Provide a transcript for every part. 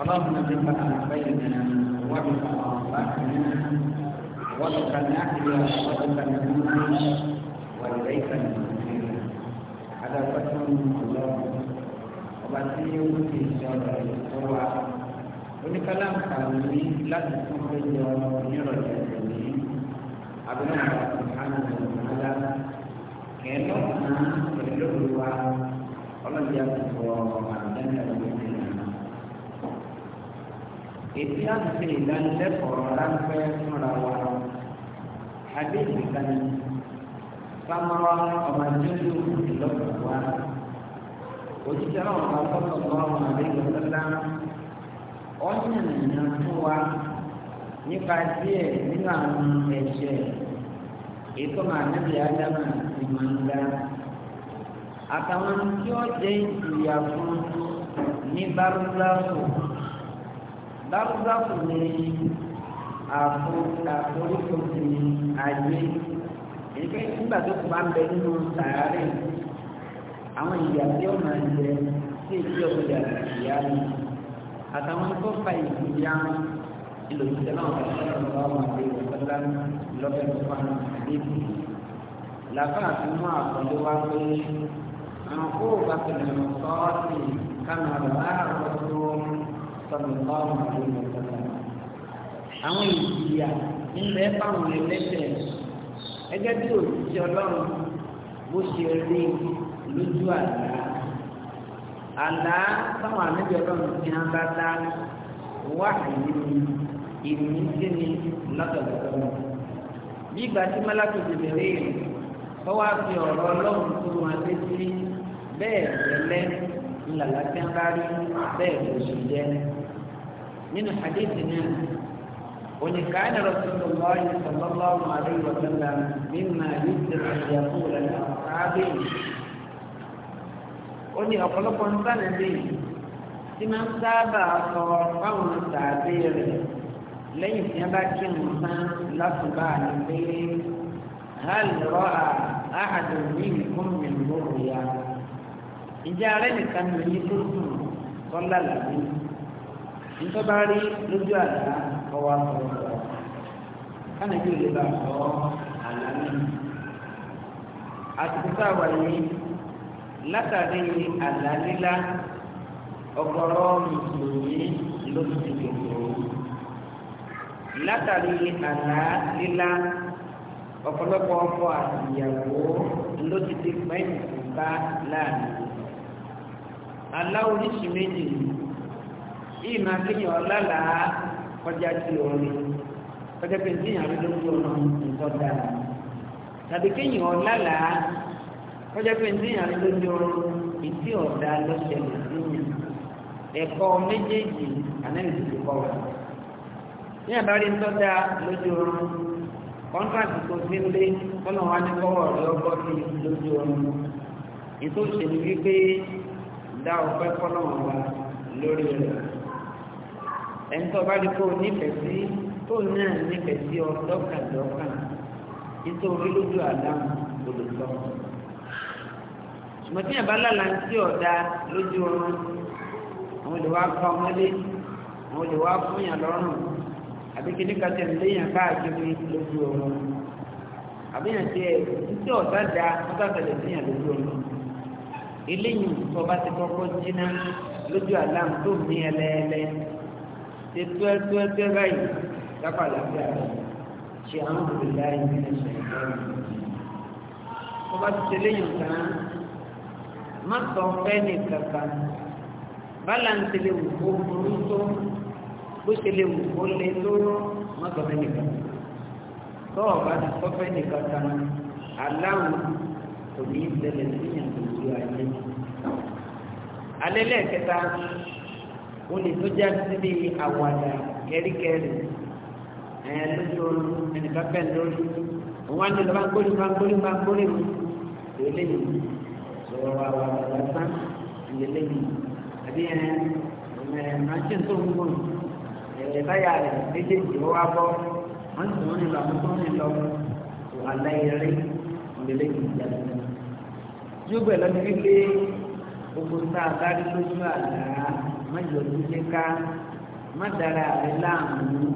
اللهم خلقنا من فتح بيننا وبين أرواحنا واصطناعك يا صدق المؤمن وإليك المصير هذا فتح الله وبعدين يوتي إن شاء الله يسوع ومن كلام كامل لا تستطيع أن يرى الجميل أبناء سبحانه وتعالى كأنه أنا في الأولى ولم يكن هو معدن المؤمنين èdè láti ṣe ìdánilẹ́kọ̀ọ́ ráńpẹ́ fúnra wa àdéhùn ìkànnì sámáwá ọmọ jẹ́jú ìlọ́gbọ̀n wa òṣìṣẹ́ náà wà lọ́sọ̀ tó àwọn àdéhùn ọ̀sán ọ̀yàn ìyàn fún wa nípa díẹ̀ nínú àwọn ẹ̀ṣẹ̀ ètò màánàbí ádámà ti máa ń dá àtàwọn tí ó jẹ́ ìyà ní bárúbáwò bámúbámú ni àforíkòsì ayé èké nígbà tó kù bá ń bẹ nínú sàárè àwọn ìyá tí ó máa ń jẹ sí èyí ọ̀gbìn àgbàyà ni àtàwọn tó fa ìgbìyà ìlòsíṣẹ́ náà wà lọ́wọ́ lọ́wọ́ àwọn àgbẹ̀ ìwọ̀sọ́lá lọ́fẹ̀ẹ́ tó fa níbi. làbá àti mú àkọlé wá pé àwọn kó o bá tẹ̀lé ọ̀sọ́ọ̀sì kánú àlọ́ àrùn tó sallallahu alaihi wasallam àwọn ìjìyà ńlẹ̀ fáwọn ẹlẹ́ṣẹ̀ ẹgẹ́ bí òṣìṣẹ́ ọlọ́run bó ṣe rí lójú àlá àlá táwọn àníbi ọlọ́run ti hàn bá dá wà nínú ìmísí ni lọ́dọ̀dọ̀ lọ. bí ìgbà tí mọ́lákì ti bèrè kọ́ wá fi ọ̀rọ̀ ọlọ́run tó wọn létí bẹ́ẹ̀ tẹ́lẹ̀ ńlá láti ń bá rí bẹ́ẹ̀ ló jẹ́. من الحديث الناس وإن رسول الله صلى الله عليه وسلم مما يسر أن يقول لاصحابه ولي أخلق إنسان الدين لما سابع صرفان التعبير ليس يبكي المسلم إنسان لفظ الدين هل رأى أحد منكم من رؤيا إجارة كان يدرك صلى الله عليه وسلم nítorí bá rí lójú àlá ọwọ́ àtọwọ́ lọ kánàbí ò lè bá sọ àlá nínú àtìkú táwa yìí látàrí àlá lílá ọ̀gọ̀rọ̀ mùsùlùmí ló ti dìbò látàrí àlá lílá ọ̀pọ̀lọpọ̀ ọkọ àtìyàwó ló ti di pẹ́ẹ́nì bá láàrin aláwo oríṣi méjì yìí yìí máa kéèyàn ọlálàá kọjá sí orin kọjá pé níyàn rí lójú ọ̀nà nǹkan dára tàbí kéèyàn ọlálàá kọjá pé níyàn rí lójú ọ̀run ìdí ọ̀dà lọ́sẹ̀lẹ̀ níyàn ẹ̀kọ́ méjèèjì ànáyìí ti kọ́ wa ní àbárí ńlọ́dà lójú ọ̀run kọ́ńtàkì tó ti ń lé kọ́nà wa ní kọ́wọ́ rẹ̀ ọgbọ́ sí lójú ọ̀run ètò ìṣèlú wípé dá ọpẹ́ fọ́nà wa lórí rẹ̀ ẹni tó bá rí kó o nífẹ̀ẹ́ sí tó náà nífẹ̀ẹ́ sí ọ dọ́kàdọ́kàn nítorí lójú àdáhùn olùsọ. ṣùgbọ́n tí yàrá lálàá ń tí ọ̀dà lójú ọrùn àwọn olè wá pa ọmọdé àwọn olè wá fún yàn lọ́rùn àbí kíní ká tẹ̀ léyàn káàkiri lójú ọrùn àbí yàn tiẹ̀ títí ọ̀dà da ọ̀dà tẹ̀lé sí yàn lójú ọrùn eléyìí tó bá ti kọ́kọ́ jiná lójú àdáhùn tó ní ẹlẹ́ẹ̀lẹ́ ṣe tó ẹ tó ẹ tó ẹ báyìí lápá àlàáfíà rẹ ṣe àwọn òbílẹ̀ ayé ní ẹ̀ṣẹ̀ ìgbẹ́rù. tó bá ti tẹ̀lé yìí tán má sọ fẹ́ ní kankan báláǹsì lè wù kó burú tó bó ṣe lè wù kó lé tó má sọ fẹ́ nìkan tó ọ̀bá ti sọ fẹ́ nìkan tán aláwọ̀ kò ní í tẹ̀lé sí ìyàtọ̀ ìlú ayé. alẹ́ lẹ́ẹ̀kẹta ó lè tó já síbi àwàdà kẹ́ríkẹ́rí ẹ̀ lójú ẹnìkan pẹ̀ lórí òun á ní lọ́ba gbórí bá gbórí bá gbórí mu lélẹ́yìn sọ̀rọ̀ àwàdà lásán lélẹ́yìn àbí ẹ̀ ẹ̀ máa ń ṣe tó ń gbòòrò ẹ̀ báyà rẹ̀ méjèèjì ó wá bọ́ wọ́n sì wọ́n ní lọ àwọn tó ń lọ aláìrí òlélẹ́ ìjà yóò bẹ̀rẹ̀ lọ́dún wípé ogun tá bá rí lójú àlá má yọjú léka má dára rẹ láàmú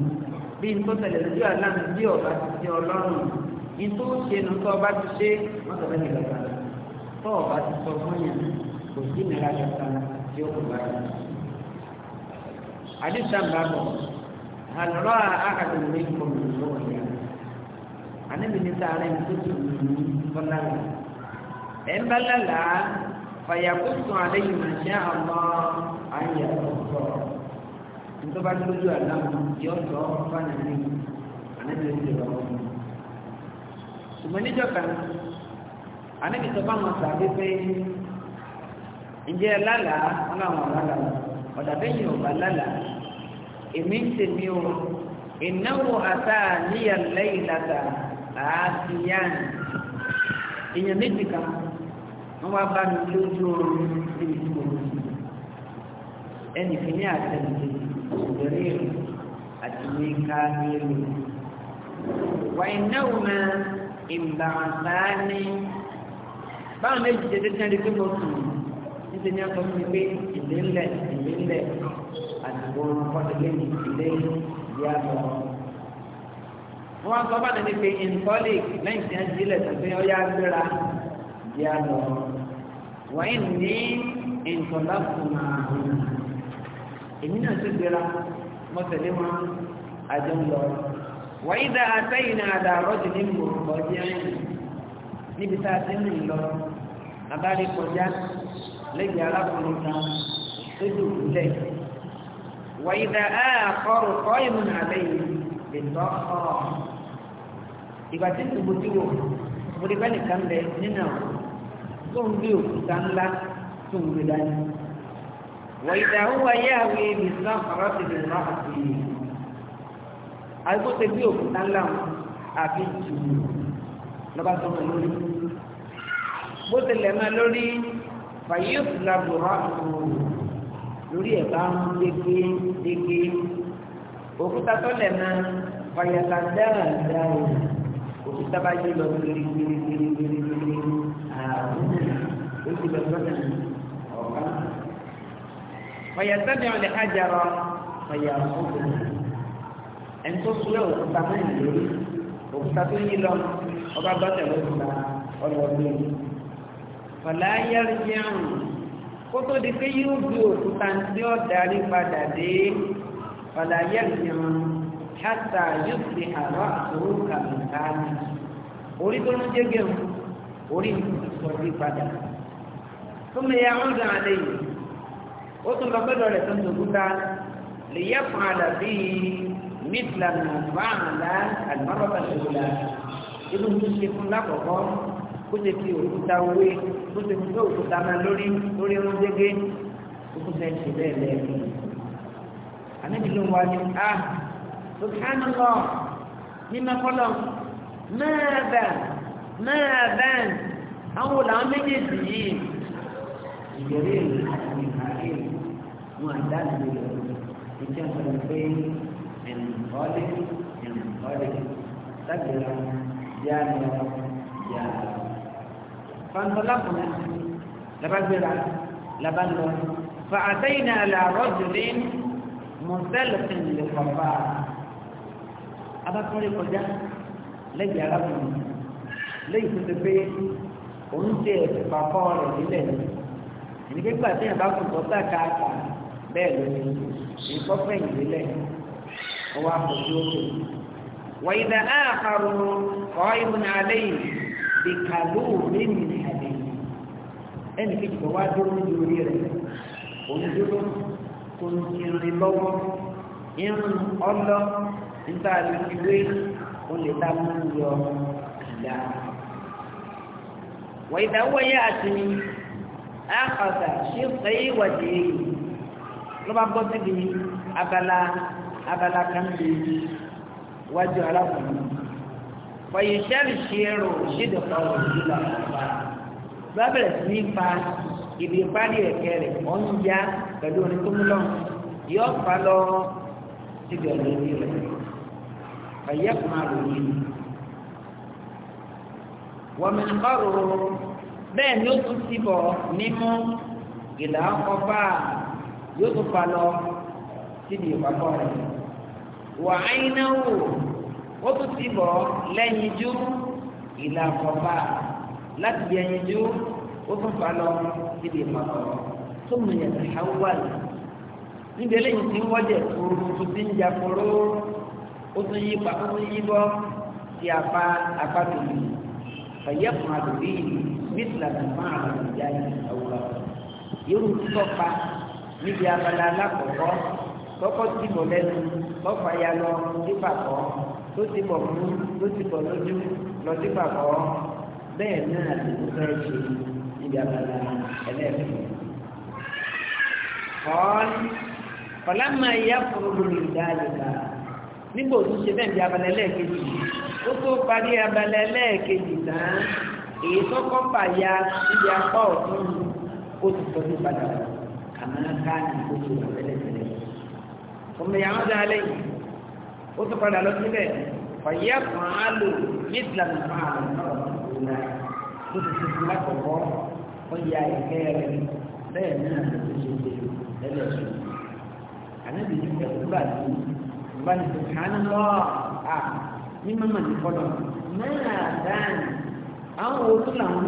bí n tó tẹ̀lé lójú àlámù bí ọba ti ṣe ọlọ́run ní tó ṣe nu tó ọba ti ṣe wọ́n sọ bẹ́ẹ̀ nígbà kan tó ọba ti sọ fún yẹn kò sí nira kankan tí ó kò bá yẹn. àdìsá ń bá bọ̀ àlọ́ àkàtà ìwé ìkọ̀ọ̀mù lọ́wọ́ yẹn anabi ni sáré ní tuntun nínú ẹ̀ ń bá lálàá fàyàkó sùn àlẹ́ yìí màṣẹ́ àwọn ayé àtọ̀tọ̀ ntọ́ba tó lójú àlá yọ sọ fánàlì ànábi ó ti rọ ṣùgbọ́n níjọ́ kan ànábi sọ fáwọn sàbí pé ǹjẹ́ lálàá wọn làwọn ọ̀rọ̀ lálàá ọ̀dà bẹ́yìn ọ̀bà lálàá èmi ń tèmi o ìnáwó àtà níyàlẹ́ ìlàtà àáfíyàn èèyàn méjì kan wọn wá bá mi lójú oorun níbi tí mo lò sí ẹnì kìíní àtẹnìkejì ìdẹ̀rẹ́ àti ní káàmìlì. wàyí náà na ìbànsáni báwọn méjì tètè tí wọn di pé mo sùn níṣẹ́ ní ọkọ mi pé ìdè ńlẹ̀ ìdè ńlẹ̀ àtìkò ọ̀pọ̀lọpọ̀ ìdè ìyá lọ. wọ́n sọ bá nàní pé ìnkọ́lì lẹ́yìn tí wọ́n di ilẹ̀ tó pé ọyá gbéra ìyá lọ. wàyí ní ìntọ́lá fún àwọn èmi náà ti gbéra mo tẹ̀lé wọn àjọ ń lọ wàyí dá àtẹ́yìn náà dá rọ́jì ní gbòǹgbò ọdí ẹ̀yìn níbi tá a ti ń lọ abárí kọjá lẹ́yìn arákùnrin kan tó dùkú lẹ̀ wàyí dá àkọrò kọ́ ìmúnà àlẹ́yìn lè tọ́ ọ́ ìgbà tí tòbó tí wò mo rí bẹ́ẹ̀ nìkan bẹ nínú àwọn tó ń gbé òkúta ńlá tó ń gbé dání. وإذا هو يهوي بالصخرة بالرأس àìkó ṣe bí òkúta ńlá àfi jù lọ́ba tó mọ̀ lórí bó tilẹ̀ máa lórí fàyíf làbùrọ̀ àtò lórí ẹ̀bá ń dégbé dégbé òkúta tó lẹ̀ máa fàyàtà dáadáa òkúta bá yé lọ gbèrè gbèrè gbèrè gbèrè gbèrè àwọn oṣù lọ́sọ̀tàn ọ̀gá fọyàtọ́jà ọ̀lẹ̀ àjàrọ̀ fọyà ọ̀gbìn ẹni tó súlẹ̀ òkúta náà lórí òkúta tó yí lọ ọba gbọ́dọ̀ lọ́kùnrin ọlọ́ọ̀gbìn fọlá yẹrù jẹun kó tó di pé yóò gbé òkúta tí ó darí padà dé fọlá yẹrù jẹun hátà yóò fi àrọ́ àtòrò kàmìkàmì orí tó ń jẹ́gẹ̀m orí ìsọ̀rí padà tó mẹ́yà ọ̀gá àlẹ́ yìí ó tún lọ gbẹ́dọ̀ rẹ̀ tó ń dòkúta lè yẹ fún àdàbí mítlà nàbàlá àlùmọ́bàbà ṣòwòlà inú tó ṣe fún lákọ̀ọ́kọ́ kó ṣe fi òkúta wé kó ṣe fi òkúta máa lórí lórí irun gégé òkúta ẹ̀ ṣe bẹ́ẹ̀ lẹ́ẹ̀kan àníbi ló ń wá ní a ah, subhanallah ní mẹ́kọ́lọ́ mẹ́ẹ̀bà mẹ́ẹ̀bà àwọn làwọn méjèèjì yìí ìgbèrè ìlú wọn àdá nínú rẹ̀ ìjọ sọ pé ẹnìkọ́lẹ̀ ẹnìkọ́lẹ̀ sábẹ̀rẹ̀ yá lọ yá lọ. fàǹtọ́lá kan labagbera labalọ fàtẹ́yìn àlà rọ́jùlẹ̀ mọ̀tẹ́lẹ̀sìn lè kọ̀ọ̀bà abakọ́lẹ̀ kọjá lẹ́yìn arákùnrin lẹ́yìn tó ti pé òun jẹ́ rẹ̀ nílẹ̀ ní pípa tí ìyàbá kò tọ́ sáà káàkà bẹ́ẹ̀ ló ní ìkọ́fẹ́ ìdílẹ̀ ọwọ́ àpòjú òkè. wàyídà áàkàrò ọ̀ ìbùn àlẹ́ yìí bí kàlú lẹ́yìn ní àlẹ́ yìí ẹnì kejì wá dúró ní orí rẹ̀ kò ní ìrìn lọ́wọ́ irun níta ìwé mú yọ wàyídà àti ṣé ló bá bọ́ síbi abala abala kan lè wájú alákùnrin fọyìnṣẹ́lì ṣèrò ṣídọ̀kọ̀ òṣìlá bá bẹ̀rẹ̀ sí ní fa ibi ìparí ẹ̀kẹ́ rẹ̀ wọ́n ń já pẹ̀lú orin tó ń lọ yóò fa lọ síbi ọ̀dọ̀ ìdí rẹ̀ fọyẹ́kùn àròyìn wọ́n mi kọ́ ro bẹ́ẹ̀ ni ó tún ti bọ̀ nímú ìlà ọkọ̀ báà yóò tún fa lọ síbi ìpapọ̀ rẹ̀ wà á iná wò ó tún ti bọ̀ lẹ́yìn jú ìlà àkọ́bà láti yẹyin jú ó tún fa lọ síbi ìpapọ̀ tó mú yẹn ti ha wà lọ níbi eléyìí tí ń wọ́jẹ̀ kúrú tó ti ń ja kúrú ó tún yí pa ó tún yí bọ́ ti apá apá tòlù fẹ̀yẹ́kùn àdùbí mítìlá tó máa rẹ̀ jáde àwùrọ̀ yóò tún tọ́ pa níbi abala alákọ̀ọ́kọ́ kọ́kọ́ ti bọ̀ lẹ́nu kọ́fà ya lọ nípa kọ́ tó ti bọ̀ mú tó ti bọ̀ lójú lọ nípa kọ́ bẹ́ẹ̀ náà ló ń fẹ́ ṣe níbi abala ẹlẹ́ẹ̀kọ́. kọ́ọ́n kọ́lámà ìyá fúrúgbìn ìdáyẹ̀dá nígbà òtún ṣe bẹ́ẹ̀ bí abala ẹlẹ́ẹ̀kejì ó tó parí abala ẹlẹ́ẹ̀kejì tán èyí tó kọ́ fà ya níbi apá ọ̀tún ó ti tọ́jú padà wọ̀ àmọ́ káàdì tó ti wà tẹ́lẹ̀tẹ́lẹ̀. ọmọ ìyàwó dá lẹ́yìn ó tún padà lọ síbẹ̀ fàyẹ́ kan á lò ní ìlànà fún àwọn ọ̀rọ̀ náà tó ti ṣe fún lákòókò ó yẹ àyẹ̀kẹ́ rẹ̀ bẹ́ẹ̀ náà ló ti ṣe ṣe tẹ́lẹ̀ ṣe. ànábì ní ìfẹ́ òkúba tí ìbá ní sọ kánú lọ àwọn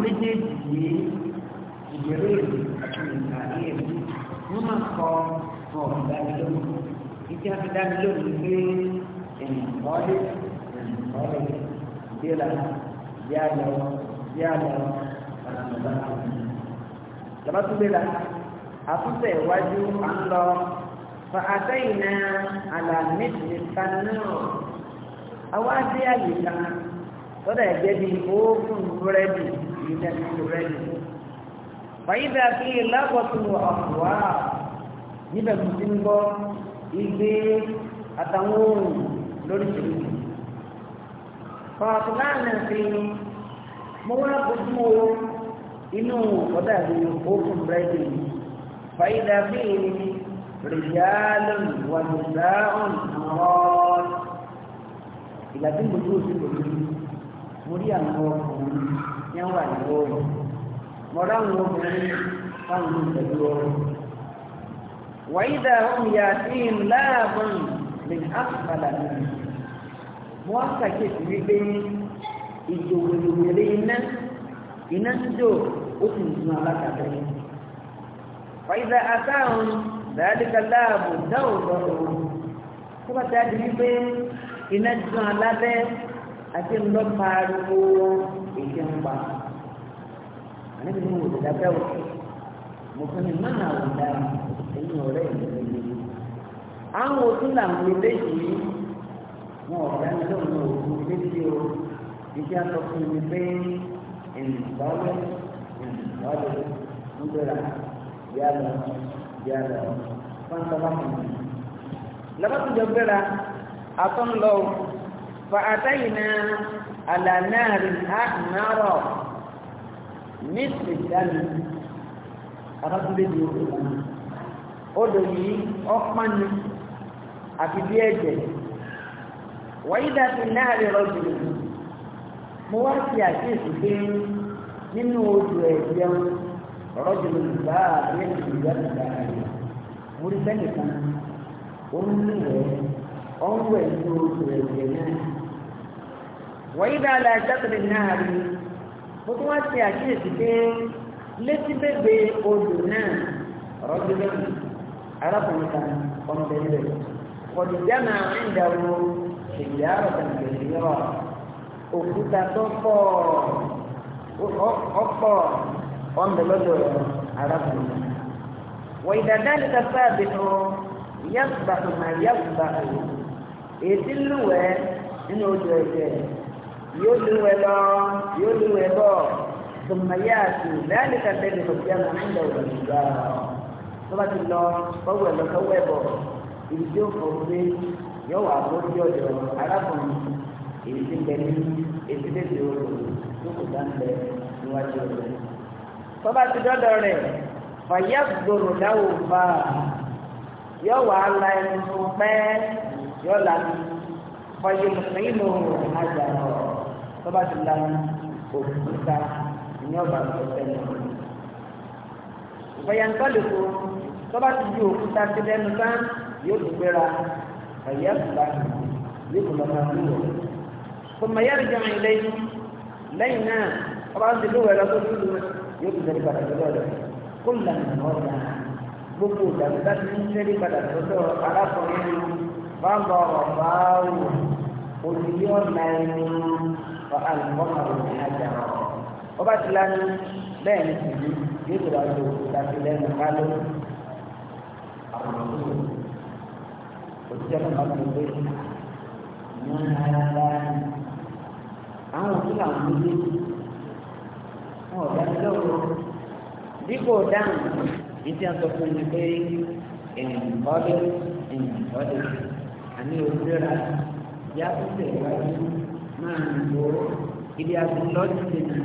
méjèèjì yìí ìgbèrè òdì máa kọ ọ̀hún ìdánilóhùn ìdí àfidánilóhùn pé ènìyàn kọ́lé ènìyàn kọ́lé ìdílà yá lọ yá lọ ọ̀nàmọ̀lá lọ́ba tún gbéra àtúntẹ̀ iwájú à ń lọ fa àtẹ̀yìnà àlàmẹ́tì kan náà àwa dé àyè kan lọ́dọ̀ ẹ̀jẹ̀ bíi oògùn búrẹ́dì ìdẹ́nu búrẹ́dì. fàyídà fi lágbọ̀tún ọ̀pọ̀ wá níbẹ̀ tó ti ń gbọ́ igbe àtàwọn ohun lóríṣiríṣi kọ̀ọ̀tùnmá náà fi mo wá bójú o inú ọ̀dà ìlú open brighton fàyídà bíi rìjálùn wàlùdáhùn àwọn ìgbà tí mo dúró sí lòdì mo rí àwọn ọkùnrin yẹn wà ní ọrùn mo ráwọn obìnrin fáwọn olùtẹ̀lú ọrùn wàyídà òun yàtín láàbùn ní àkàlà nìyí wọ́n ṣàkíyèsí wípé ìjòwèrè iná iná jíjò ó sì ń sun alákàtà yìí wàyídà àtàwọn dàdíkà láàbù dáwò lọ́rọ̀ tó bá dájú wípé iná jíjò alábẹ́ àti ńlọ pariwo ń pa àníbi ní wòlò dábẹ́ òkè mo fún ni mọ́nà àwọn dáhùn ẹ̀yìn ọ̀rẹ́ ìlú àwọn òtún làwọn eléyìí wọn ọ̀gá ní lóun náà òkú létí o iṣẹ́ sọ fún mi pé ìnùbọ́lẹ̀ ìnùbọ́lẹ̀ ń gbéra yálọ yálọ wọn sọ bá fún mi. lọ́bàtújọ gbéra atọ́nlọ́ fàátáyìn náà àlànáàrin àmàrọ̀ ní ìsìnkú àlùkò àbátúndé ní òkú náà odò yìí ọpọnni àti bí ẹ̀jẹ̀ wáyé dàbí náà lè rọjò lòdì mo wá sí àkíyèsí pé nínú odò ẹ̀jẹ̀ rọjò lòdì bá àbí ẹ̀jẹ̀ ìgbà tó bá a lè mo rí bẹ́ẹ̀ nìkan ó ń wẹ̀ nínú odò ẹ̀jẹ̀ náà wáyé dàbí àjọkùnrin náà wá sí àkíyèsí pé létí bèbè odò náà rọjò lòdì arákùnrin kan ọmọ bẹ̀rẹ̀ ọ̀dìjánà ìdàrú ìyá ọ̀tàǹkẹ̀lẹ̀ yọ̀ òkúta tó pọ̀ ọ̀pọ̀ ọ̀nbẹ̀lọ́dọ̀ arákùnrin. وإذا ذلك ثابت يصبح ما يصبح ètí lúwẹ̀ nínú ojú ẹ̀jẹ̀ yóò lúwẹ̀ lọ yóò lúwẹ̀ bọ̀ tòmáyà àti lẹ́yìn kàtẹ́lẹ̀ tó jẹ́ mọ́ nígbà òdòdó tó bá ti lọ fọwọ́ ẹ̀ lọ fọwọ́ ẹ̀ bọ̀ ibi tí ó fọ́ pé yóò wà bó tí ọ̀dọ̀ arákùnrin èyí ti bẹ ní etí tètè orò tó kò dá ń bẹ níwájú rẹ̀. tó bá ti dọ́dọ̀ rẹ̀ fàyà gbòòrò dáwò bá yóò wà la ẹni fún pẹ́ yóò là ní fọyọ nínú àjà rẹ̀ tó ti la òkúta ní ọba tó tẹ̀lé. ìfọyàntọ́ lè kó tọ́ba ti di òkúta ti lẹ́nu tán yóò tún gbéra ẹ̀yẹ́ ìgbà yóò tún lọ́mọ àti wọ̀. tòmọ̀ yẹ́rì jẹ́ mi lẹ́yìn lẹ́yìn náà ọba ti lówó ẹ̀rọ tó dúró yóò tún tẹ̀lé padà lọ́wọ́ rẹ̀ kó lànà ọ̀gá gbogbo ìdàgbà ti ń tẹ̀lé padà lọ́dọ̀ arákùnrin bá ń bọ̀ ọ̀rọ̀ bá wù òdìdí ọ̀nà ẹni wà á lọ́mọ àwọn ìhàjà ọba ti lánàá bẹ́ẹ̀ ni tìlú yóò tún wá lọ òkúta ti lẹ́nu ká lóyún òṣìṣẹ́ náà bá ti gbé wọn ara láàyè àwọn òṣìṣẹ́ àwọn méjèèjì wọn ò dájú lọ́wọ́ dípò dáhùn ìdí àtọ́kùn ni pé ìrìnkọ́dé ìrìnkọ́dé àní òṣìṣẹ́ra yá sísè ìwájú máa ń lo ibi àtúntọ́jú dènà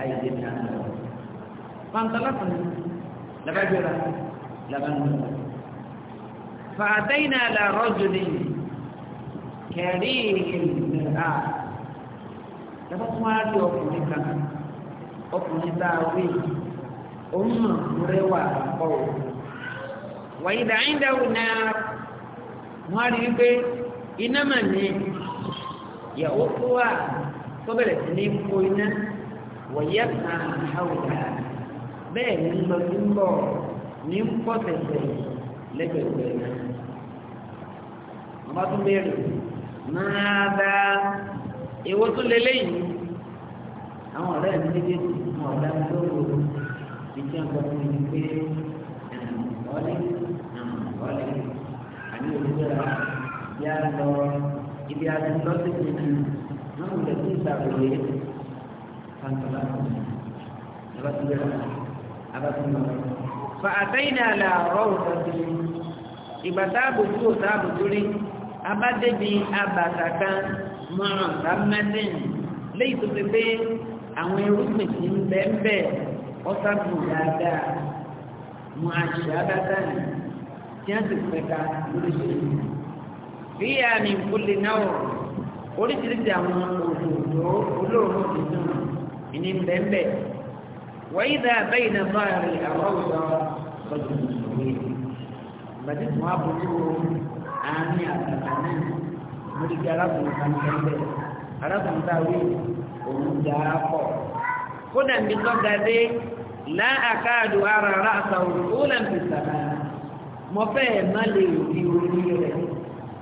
àìdènà lọ. pàǹtálàkùn làbájọ́ra làbájọ́ra. فأتينا على رجل كريم للمرأة تبقى rí ọkùnrin kan ọkùnrin tá a wí òun rẹwà ọwọ wàyídà àyíndàwò náà wọn rí pé iná mà ní yàwó tó wà tó bẹ̀rẹ̀ sí ní kó iná wọ̀yẹ́ kan àwòrán bẹ́ẹ̀ ní lọ sí ń bọ̀ ní pọ̀tẹ̀tẹ̀ lẹ́gbẹ̀gbẹ̀ náà ọba tún béèrè máa bá èwo tún lélẹ́yìn àwọn ọ̀rẹ́ mi méjèèjì mọ̀ ọ̀dà lóru ìjẹ́ ọ̀gbọ́n mi ni pé ọ̀lẹ́ ọ̀lẹ́ àní olùdókòwò yá lọ ibi àti lọ́sìkì náà wọ́n ń lè fún ìsàlùwẹ̀ pàǹtàlà ọ̀bá tún béèrè ọba tún béèrè. fa àtẹ́yìn àlà ọ̀rọ̀ òṣèlú ìgbà táàbù tó táàbù tó rí. abádébi abàtà kan mọ̀ràn léyìí tó ti pé àwọn irúgbìn tí ń bẹ́ ọ́sàbù dáadáa mọ̀ àṣà dáadáa tí wọ́n ti pẹ̀ka lóríṣiríṣi. bí àmì ìkúlẹ̀ náà oríṣiríṣi àwọn òdòdó olóòórùn tuntun ìní ń bẹ́ ń dá náà bá àwọn àárín àgbàgbà náà mo rí i arákùnrin kan tẹ́lẹ̀ arákùnrin tá a wí òun dà á pọ̀ kódà mi tọ́ga dé láàkáàdù ara ara àtàwọn olóńtì sàrà mo fẹ́ẹ̀ má lè rí orí rẹ̀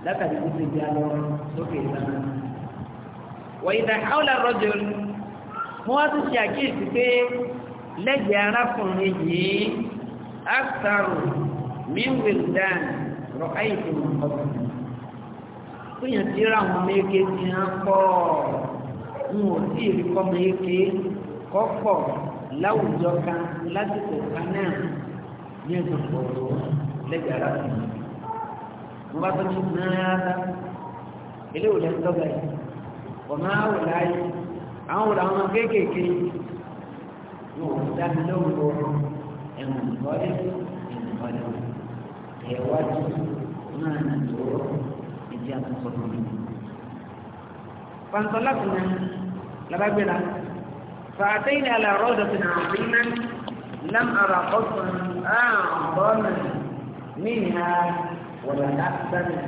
látàrí tó ti di alọ́ sókè ìlànà. wọ́n ìdá haúlà rọ́jò wọ́n wá tún ṣe àkíyèsí pé lẹ́gbẹ̀ẹ́ arákùnrin yìí áktàrù míwìlì dáàni rọ̀áìtì wọn kọ́ bẹ̀rẹ̀ fúnyàn tí ra àwọn eke ti hàn pọ̀ tí ì rí kọ́mọ eke láwùjọ kan lásìkò kan náà ní ẹ̀sùn lẹ́gbẹ̀ẹ́ mo bá náírà eléwò lẹ́nu tọ́gbà yìí ọ̀nà àwòrán ayé àwọn kéékèèké wọn ò náà ní ìdí àtúntò tó ní. pàǹtọ́lá kùnà labagbera fàtẹ́yìn alàrọ́ dọ̀tún àbí náà lám ara ọ̀sán àbọ̀nà níhà wọ̀lá láti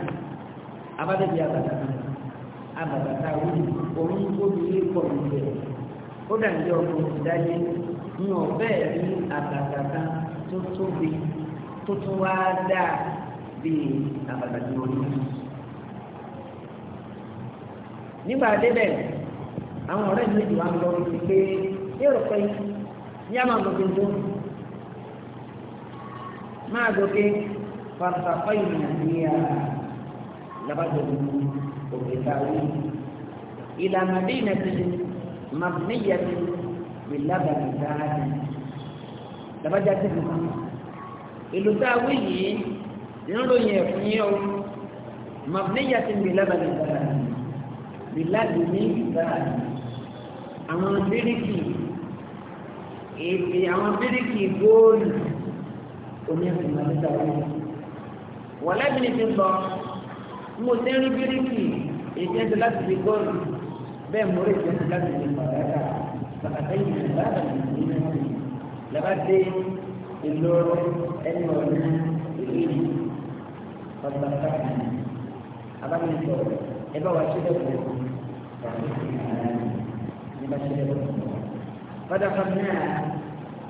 abadébi abàtà abàtà wúlò òun tó di ilé pọ̀ níbẹ̀ ó dàbí ọkọ̀ ìdájẹ́ ní ọ̀bẹ́ẹ̀ ní abàtà tó tóbi tó tún wá dáa bíi àbàtà tí mo ní. nígbà débẹ̀ àwọn ọ̀rẹ́ mi méjì wá ń lọ sí pé ní òrùka yìí ní àmà gbogbo tó máa gòkè fàtàkọ́ ìrìn àti ìyá labadogo òkè káwé ìlànà bíi nàìjíríà màbíyà ti ìlànà dáadáa labajá ti fún wa ìlú táwé ìròyìn ẹ̀fún yẹn o mọ̀bíníyà ti ń bi lábàlì gbàrà bí láti ní gbàrà àwọn bíríkì èdè àwọn bíríkì góòlù omi ẹ̀sìn máa ń dáwọ́ yẹn wọ́n lẹ́bìnrin ti sọ mo ti rí bíríkì èdè ẹ̀sìn láti fi góòlù bẹ́ẹ̀ mo rí ìjọsìn láti fi pàdánù pàtàkì ìgbàlódé ìgbàlódé làbàdé ìlọrin ẹni ọ̀nà ìlú ìlú ọgbà káàkiri abáyé sọ ẹ bá wa ṣẹlẹ̀ fún un ẹ bá ṣẹlẹ̀ fún un fada fana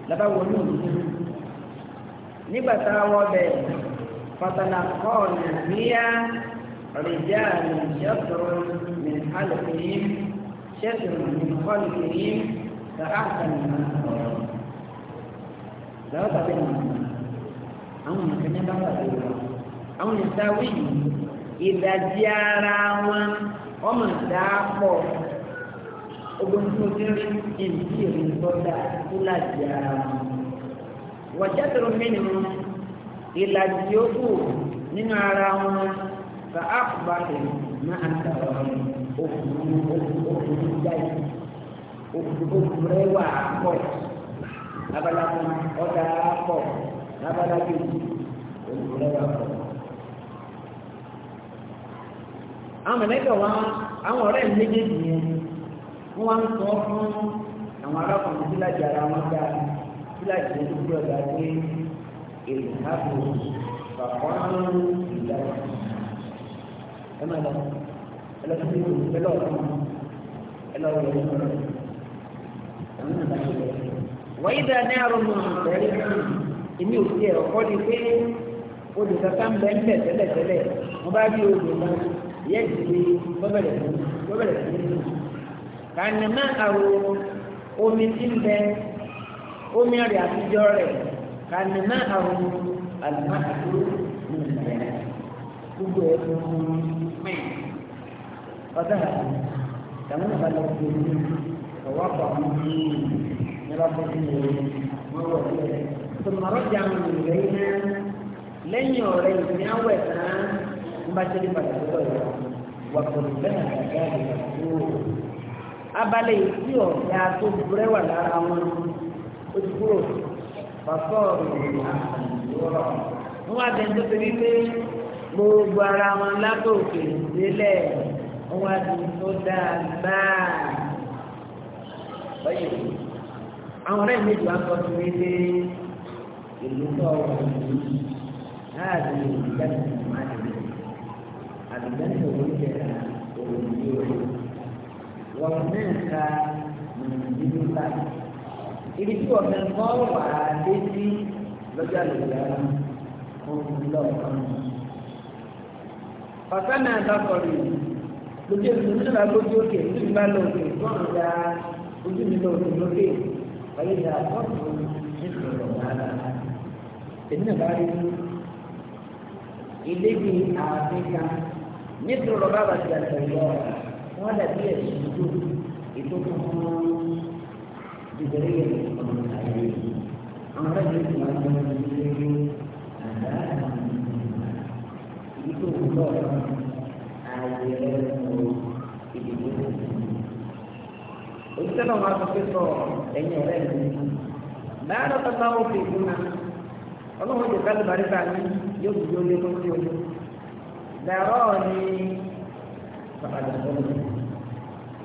laba wọnú yìí nígbà tá a wọ bẹ fatala kọọna bíyà rìjà ní ṣẹtùrù ní alùpùpù ṣẹtùrù ní kọlùpù yìí ká a kàn ní ọ̀rọ̀ lọ́wọ́ tàbí nà àwọn nǹkan yẹn bá wà lórí wọn àwọn ìsáwí yìí ìdajì ara wọn ọmọ ìdáàpọ̀ ogun tó ti rí ìdí ìrìn tọ́jà fúlàjì ara wọn. wọ́jà tó mìíní wọn ìlàjì ó kù nínú ara wọn fa àkùbàkì máa ń tàwọn òkùnkùn òkùnkùn jáde òkùnkùn rẹ wà pọ̀ abala kan ọ̀dà pọ̀ abala kejì òkùnkùn rẹ wà pọ̀. àwọn mẹ̀lẹ́kẹ̀ wá àwọn ọ̀rẹ́ méjèèjì yẹn wọ́n wá ń sọ fún àwọn arákùnrin síláàjì ara wọn gbà síláàjì tó gbé ọ̀gá pé èrè ààbò bàbá ìlà ẹ máa lọ ẹlọ́sìn ìlú ẹlọ́ọ̀tún ẹlọ́ọ̀rẹ́ ìlú àwọn nàbà ṣẹlẹ̀ wọ́n yí dáa ní àrùnmọ̀ àbẹ̀rẹ̀ èmi ò tiẹ̀ ọ̀kọ́ di pé olùkọ́ta ń bẹ́ẹ̀ tẹ́lẹ̀ tẹ́lẹ̀ wọ́n bá rí olùkọ́ yẹ ti bọ́bẹ̀rẹ̀ fún bọ́bẹ̀rẹ̀ fún mi. kànìmá àrò omi ti ń bẹ omi rẹ̀ àtijọ́ rẹ̀ kànìmá àrò àlùmá àdúró ní ìlẹ̀ gbogbo ẹ̀ fún mi. ọ̀dà tàbí nípa lọ sí omi ọ̀wá pọ̀ mí nípa fún mi wọ́n wọ̀ sí ẹ̀. jà mí lẹ́yìn lẹ́yìn ọ̀rẹ́ ìpínyàwó ẹ̀ tán bá jẹ́ padà lọ́dọ̀ rẹ̀ wà pẹ̀lú bẹ́ẹ̀ àgbàdo àgbàdo. abalẹ̀ yìí tí ọ̀gá tó burẹ́ wà lára wọn ó ti kúrò pàṣọ ìròyìn àtàlùwọ̀. wọ́n wá bẹ̀rẹ̀ tó torí pé gbogbo ara wọn látòkè délẹ̀ wọ́n wá di tó dáa báyìí àwọn ọ̀rẹ́ mi jù kọ́ sí mi ìlú náà wà ní láàrin ìgbàlódé àgbẹ̀tẹ̀ oúnjẹta òròyìn òru wọn náà ka nìyíjú ká ibi tí wọn fẹ́ kọ́ wà á dé sí lọ́jọ́ àlùyà òun lọ́ọ̀kan. Fàkánà àbákọ̀rì lójú èmi tó bá lójú òkè tó ti bá lóòkè tó ń da ojú mi lóòkè lókè wáyé ìyá àkọ́kọ́ nípa ọ̀rọ̀ rárá. Èmi náà bá rí ilé bíi àáfíríkà nítorí ọ̀rọ̀ bàbá ti àtẹ̀ lọ wọ́n dàbí ẹ̀sùn tó ètò tó fún ìbẹ̀rẹ̀ yẹn ọ̀nà àyè àwọn ọ̀rẹ́ yìí máa ń gbọ́n ní ilé ní àdá ìdí tó kù lọ àyè ẹ̀rọ ìdìbò òṣìṣẹ́ náà máa sọ pé sọ ẹ̀yìn ọ̀rẹ́ mi báyọ̀ tó bá wọ́n ìgbóná ọlọ́run ìjọba ló bá rí bá mi yóò lé lórí ojú darani fakad khulq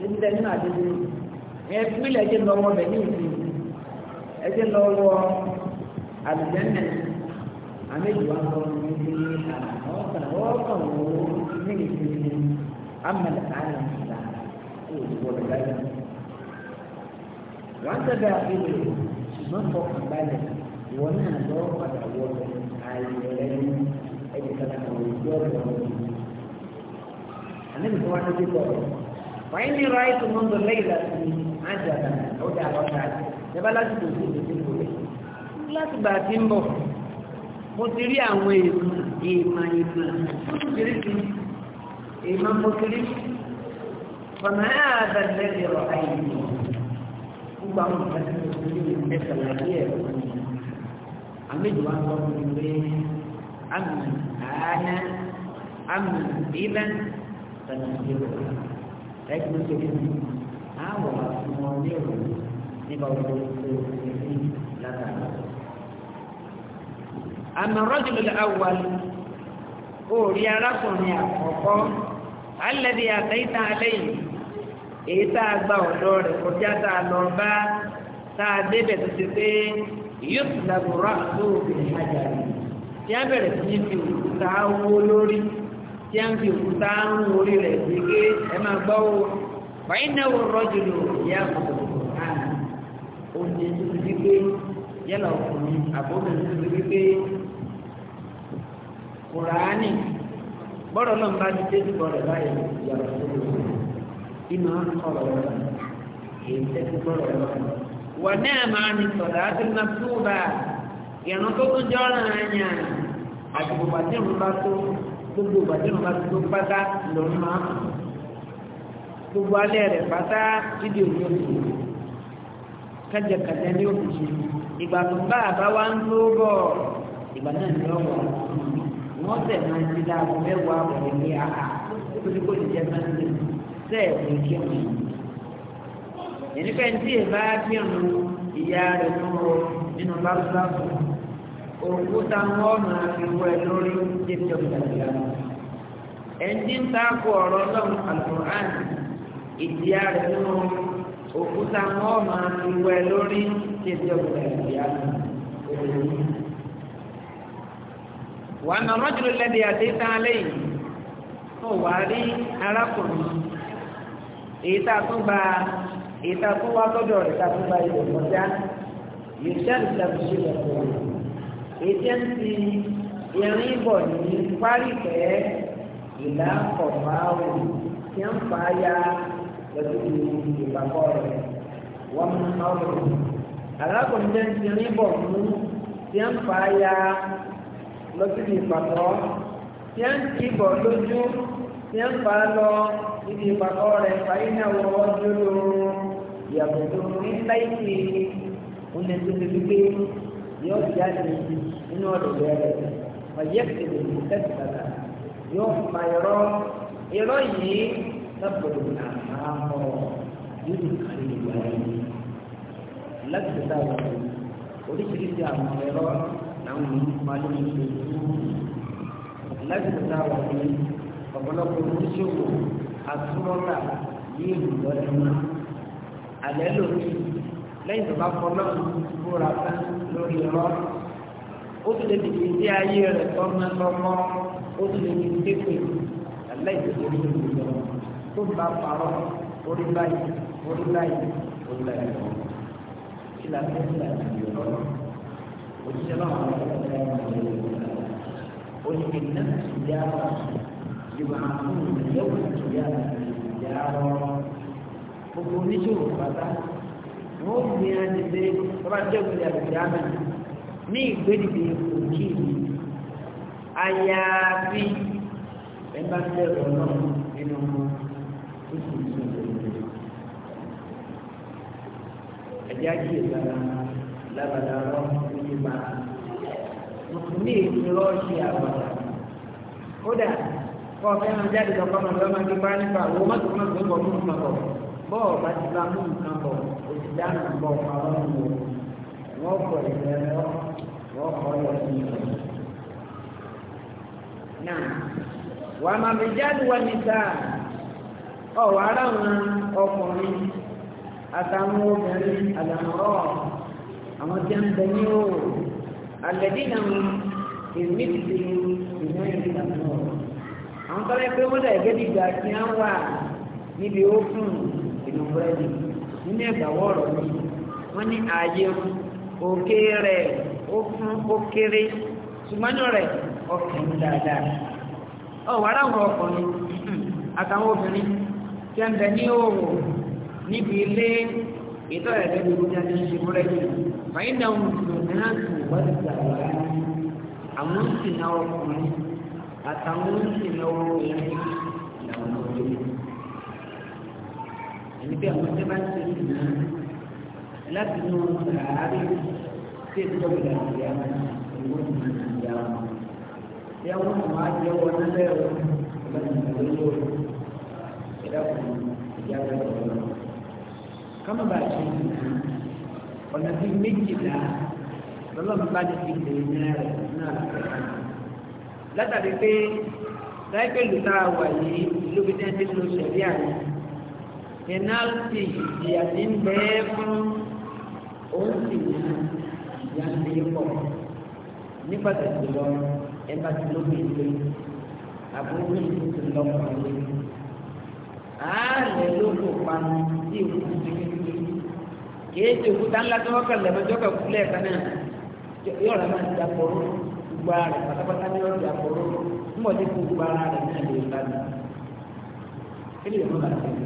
inda ni adede e pile je lo mo be ni ti e je lo wo aljanna ame ju an ko ni ti o ka o ko ni ni ti amma al-alam la o wo da ga wa ta da ibe man ko kan bale wona do pa da wo ẹni kan náà wọ́n ti ọ̀dọ̀ wọn ti yí. àníbi tí wọ́n ti dìbò rẹ̀ wọ́n ní ra ètò mọ́tò lẹ́yìn láti ájà náà ó dà wọ́n ta ìjọba láti tó sí ìdíje kò rẹ̀. láti gbà tí ń bọ̀ mo ti rí àwọn èèmọ̀ èèmọ̀ oríṣiríṣi èèmọ̀ mo ti rí fọ̀nà àbẹ̀lẹ̀ ìrọ̀ àyè gbogbo àwọn ìgbà tí ti rí ẹ̀sẹ̀ láti ẹ̀rọ àmì ìdùnnú àwọn ọmọ ìgbẹ́ أم أنا أم إذا سنخبره لكن مسلمين أو مؤمنه نبغى لا تعلم أما الرجل الأول قول يا رسول يا الذي أتيت عليه إيتا أgbà ọ̀dọ́ rẹ̀ kọjá tá a lọ bá tá a débẹ̀ tó ti pé yóò ti dàgbò rà tó o bìnrin ajá rẹ̀ tí a bẹ̀rẹ̀ sí ní fi òkúta wó lórí tí a ń fi òkúta ń orí rẹ̀ sí pé ẹ máa gbọ́ o wáyé náà wò rọ́jò lò ìyá àkókò àná oúnjẹ tó ti di pé yálà ọkùnrin àbóbẹ̀ tó ti di pé kùránì bọ́rọ̀ náà bá ti dé dùbọ̀ báyìí ìyàwó tó lò ìmọ̀ ọ̀rọ̀ rẹ̀ èyí tẹ́tí bọ́rọ̀ rẹ̀ wà náà máa ń bá ìrànlọ́tò tó jọ́ ọ̀ràn àyàn àtìkò bàtẹ́rù bá tó gbogbo bàtẹ́rù bá tó pátá lòún máa gbogbo alẹ́ rẹ̀ pátá fídíò ní oṣù kájàkájà ní oṣù ìgbà tó bá àbá wa ń tó bọ̀ ìgbà náà ní ọ̀pọ̀ wọ́n tẹ̀ máa ti dá àwọn mẹ́wàá ọ̀rẹ́ ní àhà tó ti kó lè jẹ́ máa ń lè sẹ́ẹ̀ ní kí wọ́n yìí. ènìfẹ́ ní tí ìyá rẹ̀ fún ọ nínú bá bá fún ọ. òkúta wọn máa fi wọ ẹ lórí jẹjọ gbàgbà ẹni ń takò ọrọ náà alukur'an ìdíyà nínú òkúta wọn máa fi wọ ẹ lórí àti yìí rí arákùnrin a tún gba èyí tún wá tọ́jọ́ rẹ̀ tún gba yìí ètí ń ti irin bọ̀ ní párìkẹ́ ìlà kọ̀ọ̀fà wò tí ń fa ya pẹ̀lú ìgbàgbọ́ rẹ̀ wọ́n mú ọ̀rọ̀. alákòóńjẹ́ ń ti irin bọ̀ mú tí ń fa ya lọ́sídìí ìpàkọ́ tí ń ti bọ̀ lójú tí ń fa lọ ibi ìpàkọ́ rẹ̀ fàyín náà wọ́n dúró yàgò tó ní láìpẹ́ òun tó fi gbé yóò jáde nínú ọ̀dọ̀dọ̀ rẹ̀ ọ̀yẹ́ kìlì tẹ́sítàlá yóò fa irọ́ irọ́ yìí sábòrò àmàmọ́ yóò kàrí ìwà yìí láti dáwọ́ oríṣiríṣi àwọn ẹ̀rọ làwọn yìí parí ní ìlú láti dáwọ́ yìí ọ̀pọ̀lọpọ̀ oníṣòwò àtúmọ̀tà yìí lọ́dún náà àlẹ́ lòdì lẹ́yìn tó bá fọ́ náà fúra fún un lórí irọ́ ó tún lè dìde sí ayé rẹ̀ tọ́mọ́tọ́mọ́ ó tún lè ní pépè aláìsèlú lórí irọ́ tó bá parọ́ orí báyìí orí báyìí orí báyìí lọ kí la fẹ́ sílẹ̀ àti irọ́ òṣìṣẹ́ náà wà lọ́wọ́ ẹ̀ka ìmọ̀ ìlú oníkè náà ti yá wa yorùbá àwọn ènìyàn yóò ti yá wa ti yá gbogbo oníṣòwò pátá wọ́n gbìyàn dìde bàbá jẹ́ òkúta àgbègbè àmà ní ìgbédìde òkè mi àyàfi ẹ bá fẹ́ ọ̀nà nínú ọmọ oṣù tó ń bọ̀. ẹ̀jẹ̀ àti ìlànà lábàdà ọ̀rọ̀ ní bá mùsùlùmí ìrọ̀ ṣe àbàdà kódà kọ́ ọ fẹ́ràn jáde lọ́kọ́ ọmọdé ọmọdé bá nípa àwọn mọ́tò mọ́tò ń bọ̀ fún ọmọ bọ́ọ̀ bá ti bá mú nǹkan bọ̀ òsì dáná bọ̀ àwọn ọmọ wọn kọ ìlú ẹ̀rọ wọn kọ ìlú ẹ̀rọ. náà wà á máa fi jáde wá níta ọ̀wọ́ ara wọn ọkùnrin àtàwọn obìnrin àdàmọ́rọ́ àwọn tí ń bẹ ní o àlẹ́dínà èmi ti di ìmọ̀ ìlú àdàmọ́rọ́ àwọn tọ́lá ẹgbẹ́ mọ́tà ẹgbẹ́ dìgbà tí wọ́n wà níbi ó fún un ìlú búrẹ́dì nínú ẹ̀gbàwọ́ ọ̀rọ̀ mi wọ́n ní ààyè òkè rẹ̀ ó fún ó kéré ṣùgbọ́n rẹ̀ ọkùnrin dáadáa ọ̀wọ́ aráwọ̀ ọkùnrin àtàwọn obìnrin tí a ń bẹ ní òwò níbi ilé ìtọ́ ẹ̀rẹ́ gbogbo ní adé ṣe búrẹ́dì fàyídà ohun ìlú náà kù wọ́n ti gbà wá àwọn ń sìn náà ọkùnrin àtàwọn ń sìn náà obìnrin làwọn ọmọdé níbi àwọn tí wọ́n ti sìn náà láti nù sàárì tí èdè tó gbìyànjú ìyá wọn ìwọ́n ti máa ń yá wọn. ìyá wọn kò máa jẹ́ wọn nílẹ̀ o ọba ní ìgbà wọlé o ìdá kò ìyá wọn lọ lọ. kámọ́ bá ṣe ọ̀nà bíi méjìlá lọ́lọ́mùbá ní ti lè ní ẹ̀rẹ̀ náà lọ́kọ̀ọ́ látàrí pé láìpẹ́ lùtà wà yìí lóbi tẹ́ńtẹ́ Penalti ìyà tí ń bẹ fún òun sì ní ìyà tí ń pọ̀ nípa tẹ̀sí lọ ẹ bá ti lóbi ìlú àbúrò ìlú ti lọ́kọ̀ọ́ lé ààrẹ ló kó panu sí ìlú kékeré kìí ṣe òkúta ńlá tí wọ́n kà lẹ́mọ́ tí kà kúlẹ̀ kan náà yóò rà máa ti àpòrò gbogbo ara rẹ̀ pátápátá ní wọ́n ti àpòrò ń bọ̀ sí gbogbo ara rẹ̀ náà lè bá mi kí lè mú bàtà mi.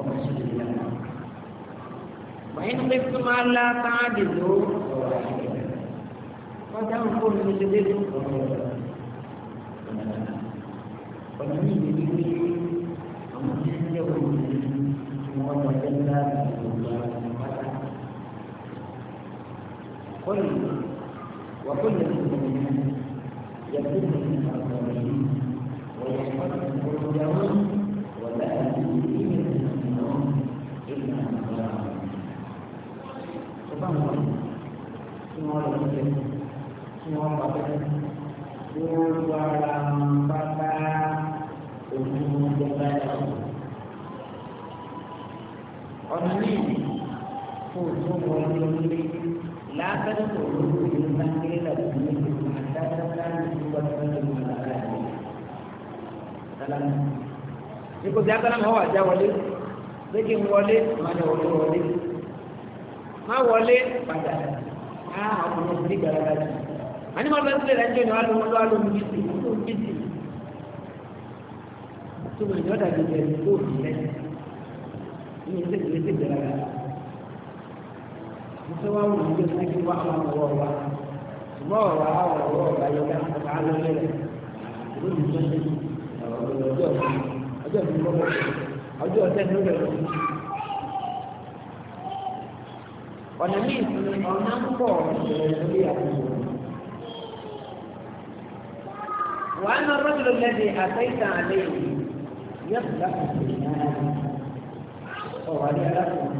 ومقصود الجمع وإن قفتم ألا تعدلوا فتنقل مجدد ونميز قل وكل من يكون من المؤمنين ويحفظ من تقولوا لمن قيل بمثل ما حدثنا بسورة الملائكة سلام ipò tí agbára máa wà já wọlé pé kí n wọlé máa ní wọlé wọlé má wọlé padà á ọkùnrin ọkùnrin gbàràgà jù àní máa lọ sílẹ̀ lẹ́jọ́ ni wọ́n lọ wọ́n lọ lọ bí sí lọ bí sí tó wọ́n yọ̀ọ́ dàbí ẹ̀rí tó òbí lẹ́yìn ní ìṣègbè ìṣègbè gbàràgà jù mùsùlùmá wù ní ìlú ní wà á wọ̀ wá ṣùgbọ́n ọ̀rọ̀ àwọn ọ̀rọ̀ ọ̀rọ̀ ayọ̀dá ọ̀gá lọ́lẹ̀ rẹ̀ ìlú ní sọ́sẹ̀ ọjọ́ ọjọ́ ìfowópamọ́ ọjọ́ ọ̀tẹ́ ní ọjọ́ ìfowópamọ́. ọ̀nà míì sí ọ̀nà ń pọ̀ ìṣẹ̀lẹ̀ lórí àkókò. wàá nà rọ́bìlì lẹ́dí àtẹ́yìntà àlẹ́ yìí yẹ́pù láti ṣe ìyá ọ̀rọ̀ adé alákùnrin.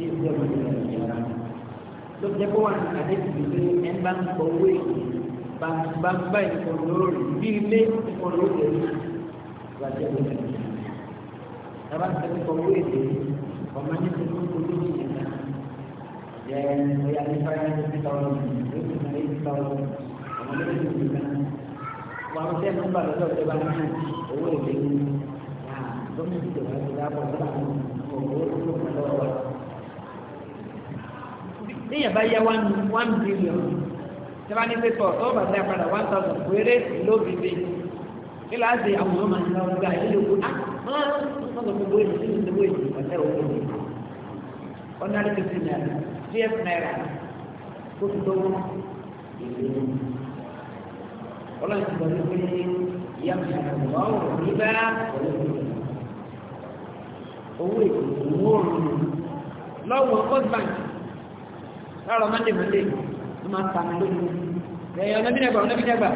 tí ó jẹ́ òun ìlànà ìjọba. ló jẹ́ kó wà ní àdéhùn ìgbé ẹ̀ ń bá ń kọ owó èyí bá ń bá ìkọlù lórí bí ilé ìkọlù lórí èyí wà jẹ́ òun ìlànà ìjọba. tábà ń tẹ́lẹ̀ kọ owó èdè ọmọ ní ti kú ojú ìjìnlẹ̀ jẹ́ ọ̀yà ní fáyà ní tọ́lọ́ ọmọ ní ti kú wọn tẹ ní bàbá lọ tẹ bá ní owó èlé ní gómìnà ìjọba ìjọba àbọ̀ nígbà tó owó tó ń lọ wà níyàn bá yá one one billion tẹ́lá ní pépọ̀ tó bá dá padà one thousand péré lóbi bí kílá ṣe àwọn ọmọ àti àwọn ọgbà yìí á máa ń ah, sọ gbogbo èyí sí ìdíwọ́ èyí ọ̀tẹ́ òkú mi ọ̀nàdì fifty naira five naira tó fi tó wọn ìlú ọlọ́run ti sọ wípé ìyá mi àgbà ọ̀rọ̀ nígbà owó ìlú owó òrùn lọ́wọ́ first láàrọ̀ monday monday ló máa ń ta mi lójú ẹ̀yìn ọ̀nàbídẹ́gbà ọ̀nàbídẹ́gbà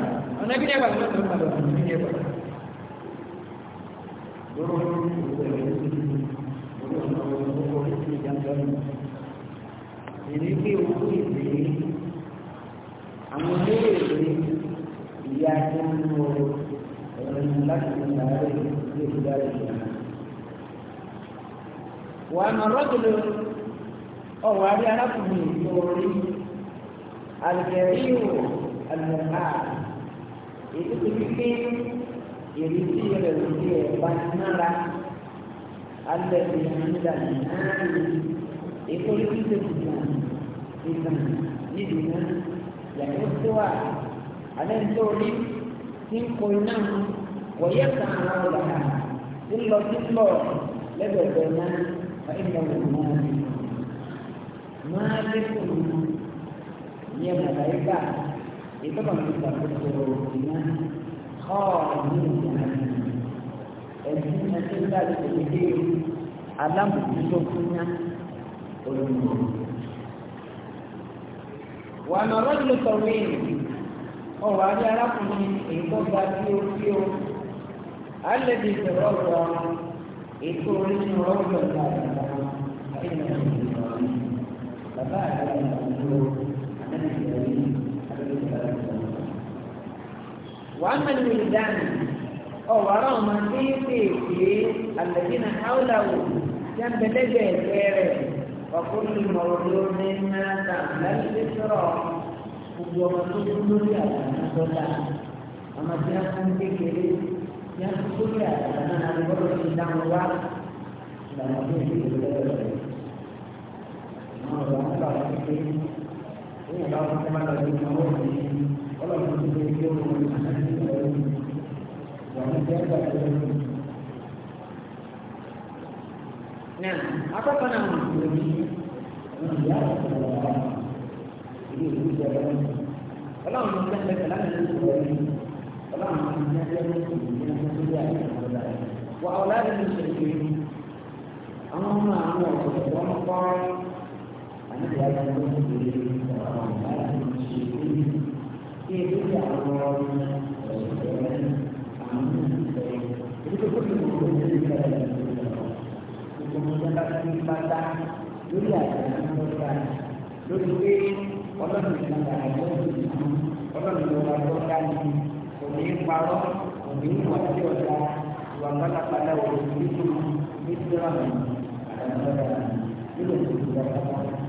ọ̀nàbídẹ́gbà ló máa ń ta ọ̀nàbídẹ́gbà ìrírí òkú ìdílé àwọn olóòrè ìyá tó ń lo ẹ̀rọ láti ìlàrẹ̀ lórí ọ̀wọ́ adé arákùnrin ìgbòrí alìjẹ̀ríwò àlùmọ́ká èyí tó fi pé ìrísí rẹ̀ ló fi ẹ̀bá nára alẹ́ ìrìnàmúdà náírà èkó lórí tó ti gbà ìtàn nídìí náà yàtọ̀ tó wà alẹ́ nítorí tí ń kó iná wọ̀nyẹ́ kan àwọn ọ̀làkà ń lọ sí lọ lẹ́gbẹ̀ẹ́ náà fa ìgbà wò náà. Malikun Dia malaikat Itu maksudnya betul Dengan Khamil Ini nanti kita dipilih Alam Yusufnya Ulumur Wa narajlu tawil Ọwọ́ ajé arákùnrin èkó gba tí ó tí ó. Alẹ́ bí ìṣòro ọ̀rọ̀ èkó orí ní ọ̀rọ̀ ọ̀gbọ̀n náà bàbá rẹ̀ wà ní àdúgbò àtẹ̀lẹ́ ìrẹ̀lẹ́ àtẹ̀lẹ́ ìrẹ̀lẹ́ wàá mẹ́lẹ̀ mi dání ọ̀wọ́ ara ọmọ kéékèèké àlẹ́bí náà áwùlà wò yá ń bẹ̀lẹ́gbẹ̀ ẹ̀fẹ́ rẹ̀ ọkùnrin mọ̀rọ̀dọ́ ní náà lálẹ́ sọ̀rọ̀ gbogbo ọmọ tó kú lórí àgbàdo dọ́là ọmọ tí wọ́n fún kékeré yá ń kú lórí àgbàdo náà lọ́wọ́ ti dáhùn wá ìlànà tó ń fi ìlú lọ́wọ́ rẹ̀ ọ̀dọ̀ àwọn ọ̀dọ̀ àwọn ọ̀dọ̀ àwọn ọ̀dọ̀ àwọn ọ̀dọ̀ yìí ọlọ́run bàtà lórí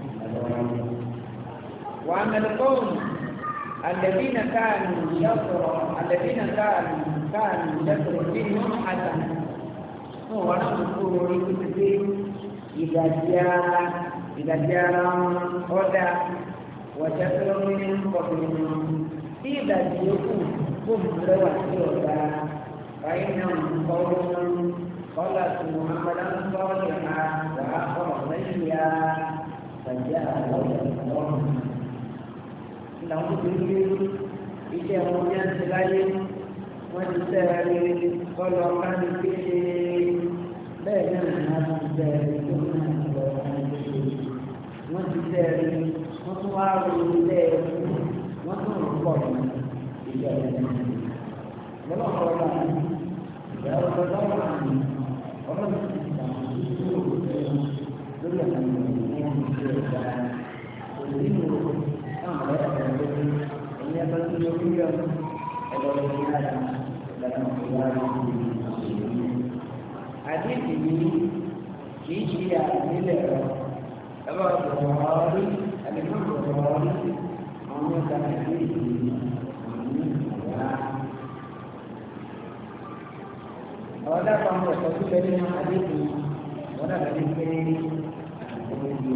وأما القوم الذين كانوا شطر الذين كانوا كانوا شطر منهم حسن هو نقول إذا جاء إذا جاء هدى وشطر من قبلهم إذا جاءوا هم لو فإنهم قوم خلقوا عملا صالحا وآخر سيئا ìgbàjẹ́ àwọn ọ̀rọ̀ ìlànà tó ń gbé iṣẹ́ wọn ní àtìláyé wọ́n ti sẹ́ra rere kọ́lọ́ káni kéde bẹ́ẹ̀ náà ni wọ́n ti sẹ́ra rere tó ń náà ti lọ́ọ́ káni kéde wọ́n ti sẹ́ra rere wọ́n tún wá ronú lẹ́ẹ̀ wọ́n tún rò pọ̀ ní ìjọ ìlànà lọ́wọ́ kọ́lá ìyá ọ̀dọ́ lọ́wọ́ àná ọlọ́run ti sàmójútó lórí àwọn àdéhùn yìí kìí ṣe àdílẹ̀ rẹ̀ ẹ̀rọ ọ̀dọ̀ ọ̀rí àdéhùn ọ̀dọ̀ ọ̀rí àwọn ọ̀gá àdéhùn yìí ọ̀rá. ọ̀dà kan ọ̀sọ̀ tó bẹ̀rẹ̀ nínú àdéhùn ọ̀dà kan ní pẹ́ẹ́rẹ́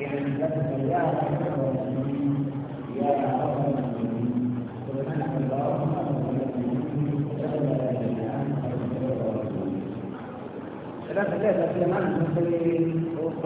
بعزتك يا ارحم الراحمين يا ارحم الراحمين سبحانك اللهم وبحمدك لا تكاد في معنى المسلمين